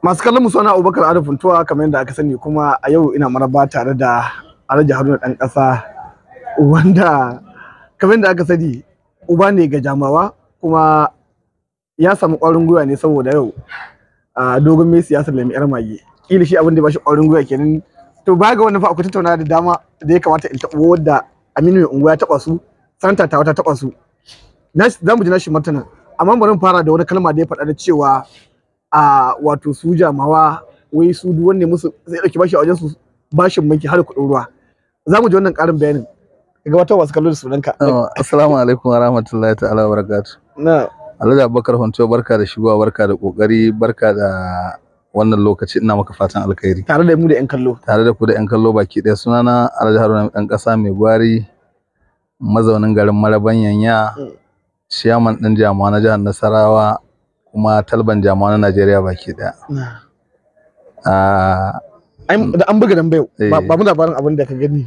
masu kallon musu wani abubakar arif kamar yadda aka sani kuma a yau ina maraba tare da alhaji haruna ɗan ƙasa wanda kamar yadda aka sani uba ne ga jamawa kuma ya samu ƙwarin gwiwa ne saboda yau a dogon mai siyasar lami yar mage kila shi abin da ya bashi ƙwarin gwiwa kenan to baya ga wannan fa akwai tattauna da dama da ya kamata in taɓo wadda aminu mai unguwa ya taɓa su santa ta wata taɓa su za mu ji nashi martanin amma bari fara da wani kalma da ya faɗa da cewa a wato su jamawa wai su duk wanne musu zai dauki bashi a wajen su bashin banki har kuɗin ruwa za mu ji wannan ƙarin bayanin wata wasu kallon da sunanka oh, assalamu alaikum wa rahmatullahi ta'ala wa barakatuh na Alhaji Abubakar Honto barka da shigowa barka da kokari barka da wannan lokaci ina maka fatan alkhairi tare da mu da yan kallo tare da ku da yan kallo baki daya sunana Alhaji Haruna dan kasa mai gwari mazaunin garin Marabanyanya Yanya mm. Shiyaman ɗin jama'a na jihar Nasarawa kuma talban jama'a na Najeriya baki ɗaya. Ah, mm. Da an buga dambe eh. ba mu labarin abin da ka gani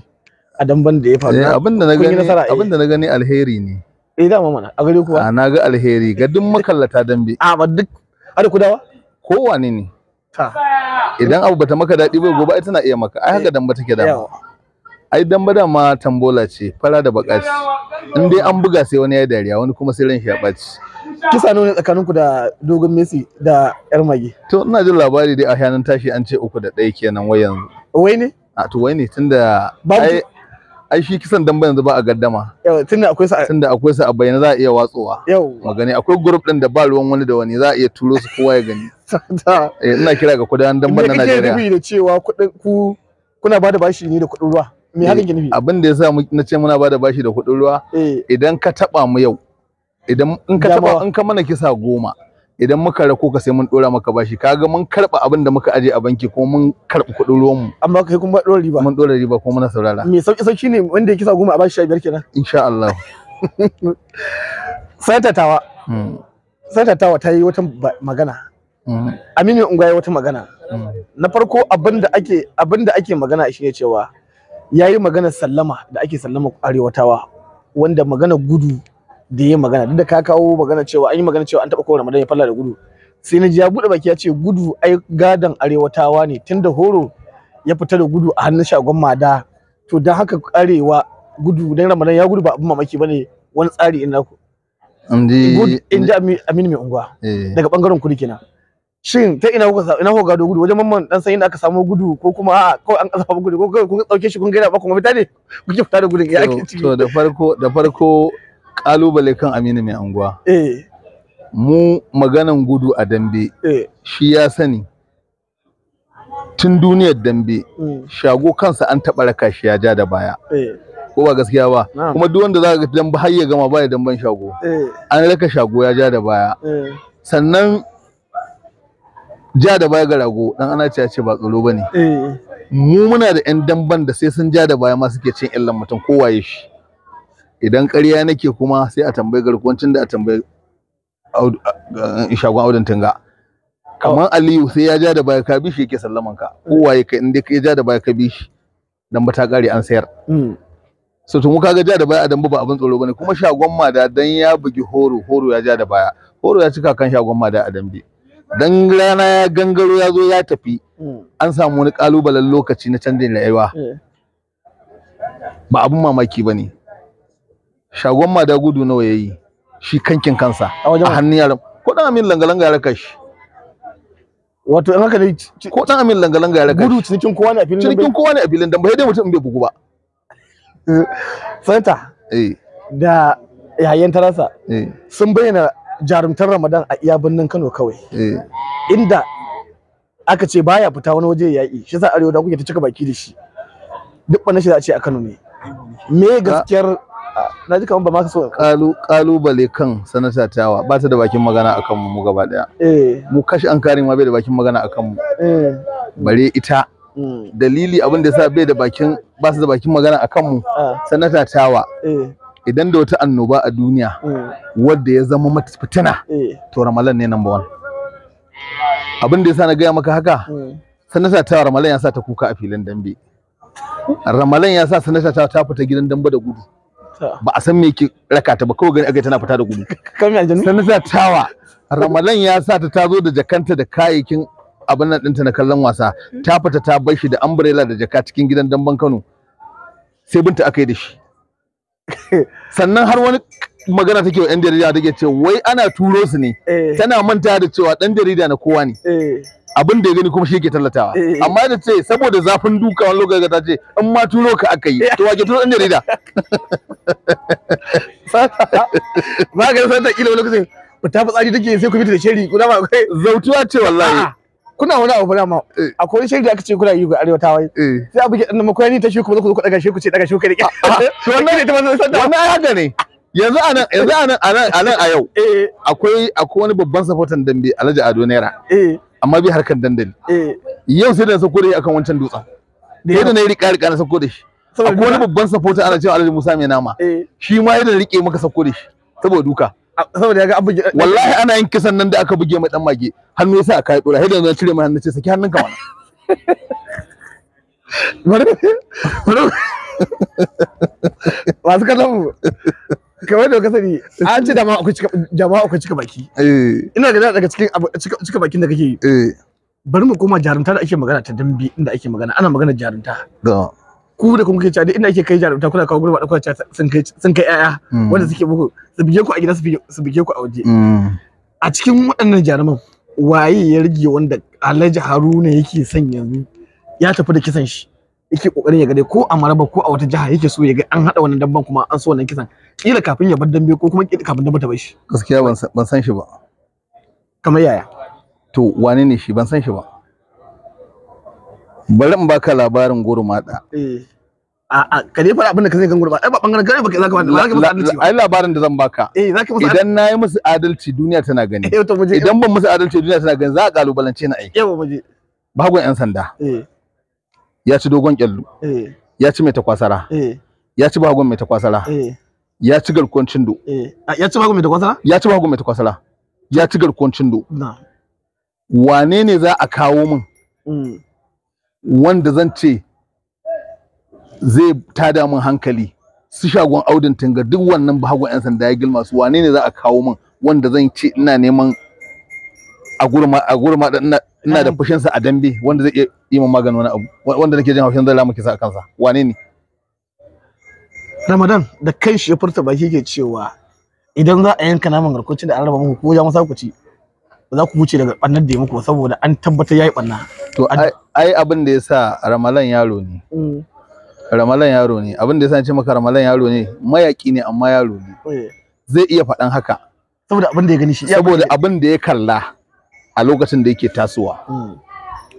a damban da ya faru. Eh, abin da na gani eh. abin da na gani alheri ne. Eh da mana a gare kuwa. Ah, na ga alheri ga duk makallata dambe. A ah, ba duk ada kudawa? Kowane ne. Idan abu bata maka daɗi ba gobe ai tana iya maka ai haka dambe take dama. ai dan bada ma tambola ce fara da bakaci in dai an buga sai wani ya dariya wani kuma sai ran shi ya baci kisa ne tsakaninku da dogon Messi da yar mage to ina jin labari dai a hanan tashi an ce uku da ɗaya kenan wai yanzu wai ne a to wai ne tunda ai ai shi kisan dan yanzu ba a gaddama yau tunda akwai sa tunda akwai sa a bayyana za a iya watsowa yau magani akwai group din da ba ruwan wani da wani za a iya turo su kowa ya gani eh, ina kira ga kudan dan na Najeriya ne kike da cewa ku kuna bada bashi ne da kudin ruwa me hakan ke nufi eh, abin da yasa na ce muna bada bashi da kuɗin ruwa eh. idan ka taba mu yau idan in ka taba in ka mana kisa goma idan muka rako ka sai mun dora maka bashi kaga mun karba abin da muka aje a banki ko mun karba kuɗin ruwan mu amma kai kuma dora riba mun dora riba ko muna saurara me sauki sauki ne wanda ya kisa goma a bashi 15 kenan insha Allah sai tattawa hmm. sai tattawa ta yi wata magana hmm. Aminu Ungwa ya wata magana hmm. na farko abin da ake abin da ake magana shine cewa ya yi maganar sallama da ake sallama arewatawa wanda magana gudu da ya magana duk da ka kawo magana cewa an yi magana cewa an taɓa kowa ramadan ya falla da gudu sai na ji ya buɗe baki ya ce gudu ai gadan arewatawa ne tunda horo ya fita da gudu a hannun shagon mada to don haka arewa gudu dan ramadan ya gudu ba abin mamaki bane wani tsari in naku in ji aminu mai unguwa eh. daga bangaren kudu kenan shin ta ina kuka ina kuka gado gudu wajen mamman dan san inda aka samu gudu ko kuma a ko an kasafa gudu ko kai kun dauke shi kun gaida ba kun fita ne kun fita da gudun ya ake ciki to da farko da farko kalubale kan Aminu mai anguwa eh mu maganan gudu a dambe eh shi ya sani tun duniyar dambe hmm. shago kansa an taɓa raka shi ya ja da baya eh. ko ba gaskiya ba kuma duk wanda za ka ga dambe har ya gama ya damben shago eh. an raka shago ya ja da baya eh. sannan ja da baya ga rago dan ana ce ba tsaro bane mu muna da yan damban da sai sun ja da baya ma suke cin illan mutum kowa ya shi idan ƙarya nake kuma sai a tambayi garkuwancin da a tambayi shagon audun tunga kamar aliyu sai ya ja da baya ka bishi yake sallaman ka ko waye ka inda ya ja da baya ka bishi dan ba ta kare an sayar so to mu kaga ja da baya a damba ba abin tsoro bane kuma shagon ma da dan ya bugi horo horo ya ja da baya horo ya cika kan shagon ma da a dambe dan rana ya gangaro ya zo ya tafi an samu wani kalubalen lokaci na canjin rayuwa ba abun mamaki ba ne shagon ma da gudu nawa ya yi shi kankin kansa a hannun yaran ko dan amin langa-langa ya raka shi wato in haka ne ko dan amin langa-langa ya raka shi gudu cinikin kowa ne a filin cinikin kowa ne a filin dan ba dai mutum bai bugu ba eh, santa eh. da yayan tarasa eh. sun bayyana jarumtar Ramadan a iya birnin Kano kawai. Eh. Inda aka ce baya fita wani waje yaƙi shi sa arewa da kuke ta cika baki da shi duk wannan shi za a ce a Kano ne me gaskiyar na ji kamar ba ma ka so kalu kalubale kan sanata tawa ba ta da bakin magana akan mu gaba daya eh. mu kashi an karin ma bai da bakin magana akan mu eh. bare ita hmm. dalili abin da yasa bai da bakin ba su da bakin magana akan mu ah. sanata tawa idan da wata annoba a duniya mm. wadda ya zama matafitina, eh. to ramalan ne number one abin da yasa na gaya maka haka mm. sanata ta ramalan ya sa ta kuka a filin dambe ramalan ya sa sanata ta ta fita gidan dambe da gudu ba a san me ke raka ta ba kawai gani aka tana fita da gudu sanata tawa ramalan ya sa ta tazo da jakanta da kayayyakin abin nan dinta na kallon wasa ta fita ta bar shi da umbrella da jaka cikin gidan damben Kano sai binta aka yi da shi sannan har wani magana take wa 'yan jarida take ce wai ana turo su ne eh. tana manta da cewa dan jarida na kowa ne eh. abin da ya gani kuma shi yake tallatawa eh. amma da ce saboda zafin duka wani lokaci ta ce in ma turo ka aka yi to wake turo dan jarida ba ga san ta kila wani ba ta fitsari take sai ku fita da sheri kuna ma kai zautuwa ce wallahi kuna wani abu da ma eh, a shiri shirya aka ce kuna yi ga arewa tawai eh. sai abu ke dan makwani ta ta shi kuma ku daga shi ce daga shuka. rike wannan ne ta manzo sanda wannan haka ne yanzu anan yanzu anan anan anan a yau eh. akwai akwai wani babban safotan dambe Alhaji Ado Naira amma bi harkar dandali yau sai da sako da akan wancan dutsen sai da na yi rika rika na sako da shi akwai wani babban safotan ana cewa Alhaji Musa mai nama shi ma yadda rike maka sako da shi saboda duka saboda ya ga an buge wallahi ana yin kisan nan da aka buge mai dan mage hannu yasa aka yi dora sai da zan cire mai hannu ce saki hannun ka mana masu kallon mu kamar da ka sani an ce da ma cika jama'a akwai cika baki eh. ina ga daga cikin cika bakin da kake yi eh. bari mu koma jarumta da ake magana ta dambe inda ake magana ana magana jarumta ku da kuma kuke cewa ina ke kai jarumta kuna kawo gurba ɗaukar sun kai sun kai 'ya'ya. Mm. wanda suke muku su bige ku a gida su bige ku a waje mm. a cikin waɗannan jaruman waye ya rige wanda Alhaji Haruna yake son yanzu ya tafi da kisan shi yake kokarin ya ga ko a Maraba ko a wata jiha yake so ya ga an hada wannan damban kuma an so wannan kisan kila kafin ya bar dambe ko kuma kila kafin dambe ta bar shi gaskiya ban san shi ba kamar yaya to wane ne shi ban san shi ba bari in baka labarin eh a ka dai fara abin da ka zai kan gurma ai ba bangaren gare baka zaka ba zaka musu adalci ai labarin da zan baka eh zaka musu idan nayi musu adalci duniya tana gani eh, idan ban musu adalci duniya tana gani za a kalubalance ni ai yawa muje bagon yan sanda eh ya ci dogon kyallu eh ya ci mai takwasara eh ya ci bagon mai takwasara eh ya ci garkuwan cindo eh ya ci bagon mai takwasara ya ci bagon mai takwasara ya ci garkuwan cindo na wane ne za a kawo min mm. wanda zan ce zai tada min hankali su shagon audin tinga duk wannan bahagon 'yan sanda ya gilma su wane ne za a kawo min wanda zan ce ina neman a gurma a gurma ina da sa a dambe wanda zai yi min maganin wani abu wanda nake jin haushin zai lamu kisa a kansa wane ne Ramadan da kan shi ya furta baki ke cewa idan za a yanka naman garkuci da an raba muku ko ja masa ku ci za ku wuce daga ɓannar da muku saboda an tabbatar ya yi ɓanna. To ai abin da ya sa Ramalan yaro ne. Mm. Ramalan yaro ne abin da ya sa ce maka Ramalan yaro ne mayaƙi ne amma yaro ne. Eh. Zai iya faɗan haka. Saboda abin da ya gani shi. Saboda abin da ya kalla a lokacin da yake tasowa. Mm.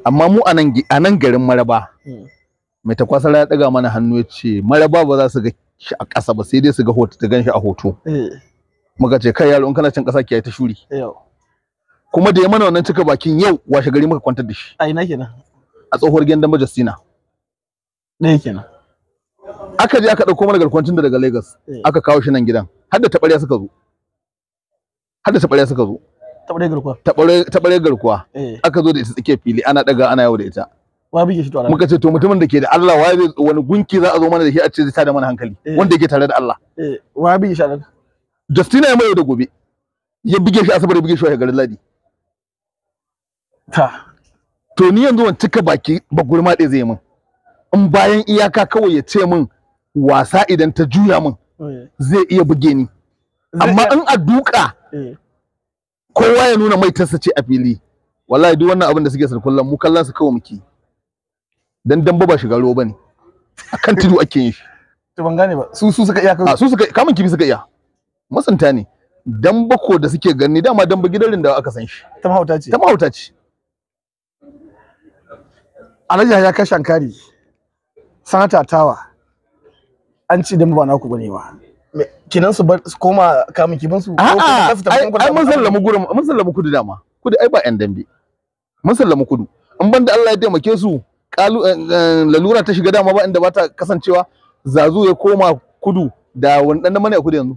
Amma mu a nan garin Maraba. Mm. Mai takwasar ya ɗaga mana hannu ya ce Maraba ba za su ga shi a ƙasa ba sai dai su ga hoto ta gan shi a hoto. Eh. Muka ce kai yaro in kana cin ƙasa ki ta shuri. Eh, kuma da ya mana wannan cika bakin yau washe gari muka kwantar da shi a ina kenan a tsohuwar gendan majastina ɗaya kenan aka je aka ɗauko mana garkwancin da daga Lagos eh. aka kawo shi nan gidan har da taɓarya suka zo har da taɓarya suka zo taɓarya garkuwa taɓarya garkuwa eh. aka zo da ita tsike fili ana ɗaga ana yawo da ita wa bige shi to muka ce to mutumin da ke da Allah wa zai wani gunki za a zo mana da shi a ce zai tada mana hankali eh. wanda yake tare da Allah wa bige shi Justina ya mai da gobe ya bige shi asabar ya bige shi wa garin Ladi ta to ni yanzu wani cika baki ba gurma ɗaya zai min in bayan iyaka kawai ya ce min wasa idan ta juya min zai iya buge ni amma in a duka eh. kowa ya nuna mai tarsa ce a fili wallahi duk wannan abin da suke sarkullan mu kallon su kawai muke dan dan ba shiga ruwa bane akan tudu ake yin shi to ban gane ba su su suka iya kawai su suka kamun kifi suka iya masanta ne dan bako da suke ganni dama dan ba gidarin da aka san shi ta mahauta ce ta mahauta ce alhaji ya kashe kari sanata tawa an ci da ba na ku gane ba kinan su koma kamun kiban su a'a ai mun sallama gurin mun sallama kudu dama kudu ai ba yan dambe mun sallama kudu in banda Allah ya taimake su kalu eh, eh, lalura ta shiga dama ba inda ba ta kasancewa zazu ya koma kudu da wani nan mana kudu yanzu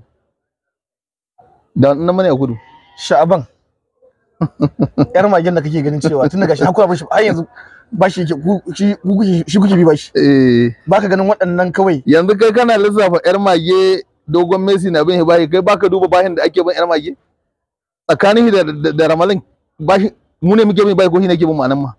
da wani dan mana kudu sha'aban yar magen da kake ganin cewa tun daga shi hakura ba shi ai yanzu bashi yake shi kuke bi bashi eh baka ganin waɗannan kawai yanzu kai kana lissafa yar mage dogon Messi na bin bashi kai baka duba bashin da ake bin yar mage tsakanin da da Ramalin bashi mu ne muke bin bashi ko shi nake bin mu anan ma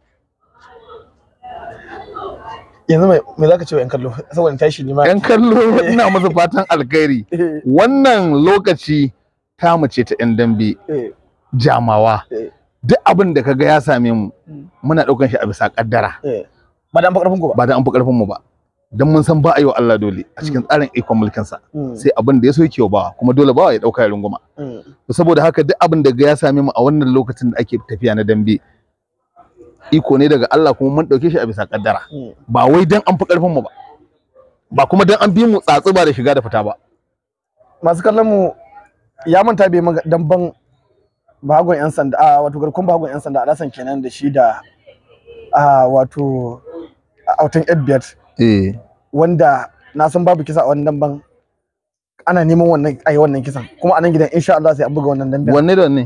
yanzu mai me zaka ce wa yan kallo saboda tashi ne ma yan kallo ina masa fatan alkhairi eh. wannan lokaci ta mace ta yan dambe eh. jamawa eh. duk abin da kaga ya same mu mm. muna daukan shi a bisa kaddara eh. ba da an fi karfin ku ba ba da an fi karfin mu ba dan mun san ba a yi wa Allah dole a cikin mm. tsarin ikon mulkin sa mm. sai abin da ya so yake ba kuma dole ba ya dauka ya runguma saboda haka duk abin da ya same mu a wannan lokacin da ake tafiya na dambe iko ne daga Allah kuma mun dauke shi a bisa kaddara ba wai dan an fi karfin mu ba ba kuma dan an bi mu tsatsu ba da shiga da fita ba masu kallon mu ya manta bai damban bagon yan sanda a wato garkon bagon yan sanda alasan kenan da shi da a wato autan edbert eh wanda na san babu kisa a wannan ban ana neman wannan ai wannan kisan kuma a nan gidan insha Allah sai an buga wannan dambe wanne da wanne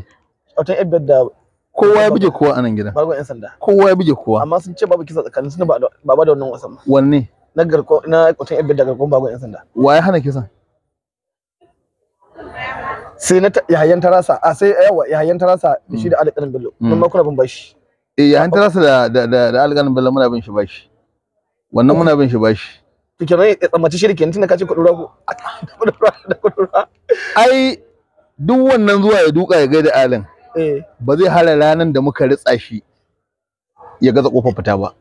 autan edbert da kowa ya buge kowa a nan gidan bagon yan sanda kowa ya buge kowa amma sun ce babu kisa tsakanin su ba ba da wannan wasan wanne na garkon na autan edbert da garkon bagon yan sanda wa ya hana kisan sai na yayan tarasa a sai yawa yayan tarasa da shi da mm. alƙalin bello mm. mun ma kuna bin bashi eh yayan tarasa da da da alƙalin bello muna bin shi bashi wannan muna bin shi bashi kike ne tsammaci shi kenan tunda ka ce ku dora ku ai duk wannan zuwa ya duka ya gaida alin eh. ba zai hara ranan da muka ritsa shi ya gaza kofar fita ba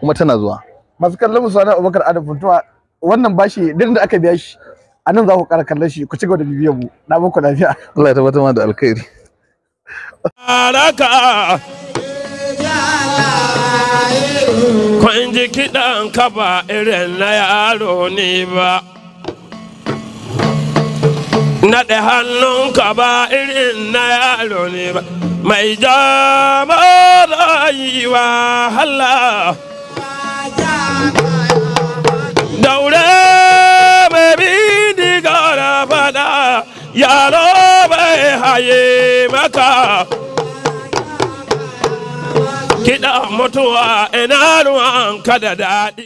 kuma tana zuwa masu kallon musu wani abubakar adam funtuwa wannan bashi din da aka biya shi a nan za ku ƙara kallon shi ku ci gaba da bibiyar mu na muku lafiya Allah ya tabbatar mana da alkhairi Baraka Kwan ji kiɗan ka ba irin na yaro ne ba Naɗe hannun ka ba irin na yaro ne ba Mai jama rayuwa Allah Daure yaro bai haye maka kiɗa mutuwa ina ruwan ka da daɗi